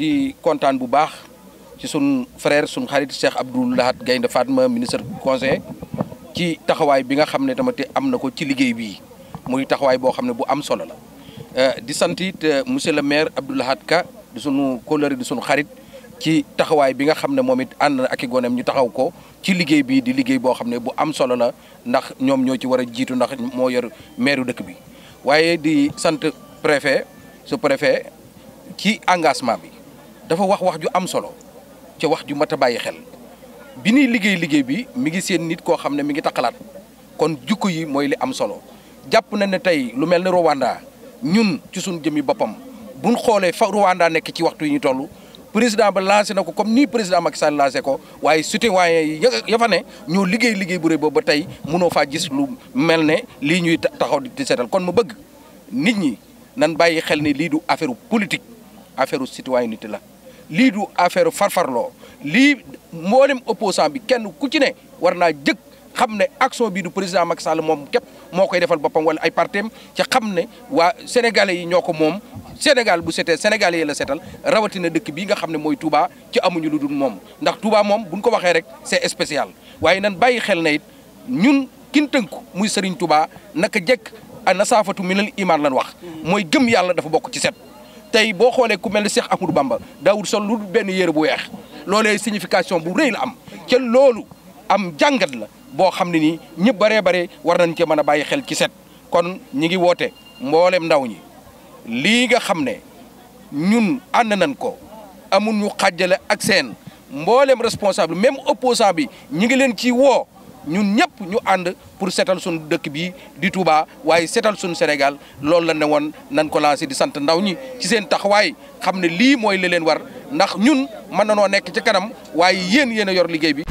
di kontaan bu baax ci sun frère sun xarit Cheikh Abdou Lahad Gaynde Fatma ministre conseiller ci taxawaay bi nga xam ne tamit am na ko ci liggéey bii muy taxawaay boo xam ne bu am solo la euh, di sant it euh, monsieur le maire Abdou Lahad Ka di sunu xarit ci taxawaay bi nga xam ne moom it ànd na ñu taxaw ko ci liggéey bii di liggéey boo xam ne bu am solo la ndax ñoom ñoo ci war a jiitu ndax moo yor maire dëkk bi waaye di sant préfet su préfet ci engagement bi dafa wax wax ju am solo ca wax ju mat a bàyyi xel bi ñuy liggéey liggéey bi mi ngi seen nit koo xam ne mi ngi taxalaat kon jukko yi mooy li am solo jàpp na ne tey lu mel ni Rwanda ñun ci suñu jëmmi boppam bu buñ xoolee fa Rwanda nekk ci waxtu yi ñu toll président ba lancé na ko comme nii président Macky Sall lancé ko waaye citoyen yi ya ne ñoo liggéey liggéey bu rëy boobu ba tey mënoo faa gis lu mel ne lii ñuy taxaw di seetal kon ma bëgg nit ñi nan bàyyi xel ni lii du affaire politique affaire citoyenneté la lii du affaire farfarloo lii mboolem opposant bi kenn ku ci ne war naa jëkk xam ne action bii du président Macky Sall moom képp moo koy defal boppam wala ay partem ci xam ne waa sénégalais yi ñoo ko moom Sénégal bu setee sénégalais yi la setal rawatina dëkk bii nga xam ne mooy Touba ci amuñu lu dul moom ndax tubaa moom buñ ko waxee rek c'est spécial waaye nan bàyyi xel na it ñun kin tënku muy Serigne Touba naka jekk a nasaafatu minal imaan lan wax mooy gëm yàlla dafa bokk ci set tey boo xoolee ku mel ne Cheikh Ahmadou Bamba daawul sol lu benn yére bu weex loolee signification bu rëy la am ca loolu am jàngat la boo xam ne nii ñëpp baree bare war nañ cee mën a bàyyi xel ci set kon ñi ngi woote mboolem ndaw ñi lii nga xam ne ñun ànd nañ ko amul ñu xàjjale ak seen mboolem responsable même opposant bi ñi ngi leen ci woo ñun ñëpp ñu ànd pour seetal suñu dëkk bi di Touba waaye seetal suñu Sénégal loolu la ne woon nañ ko lancé di sant ndaw ñi ci seen taxawaay xam ne lii mooy li leen war ndax ñun mën na noo nekk ci kanam waaye yéen yéen a yor liggéey bi.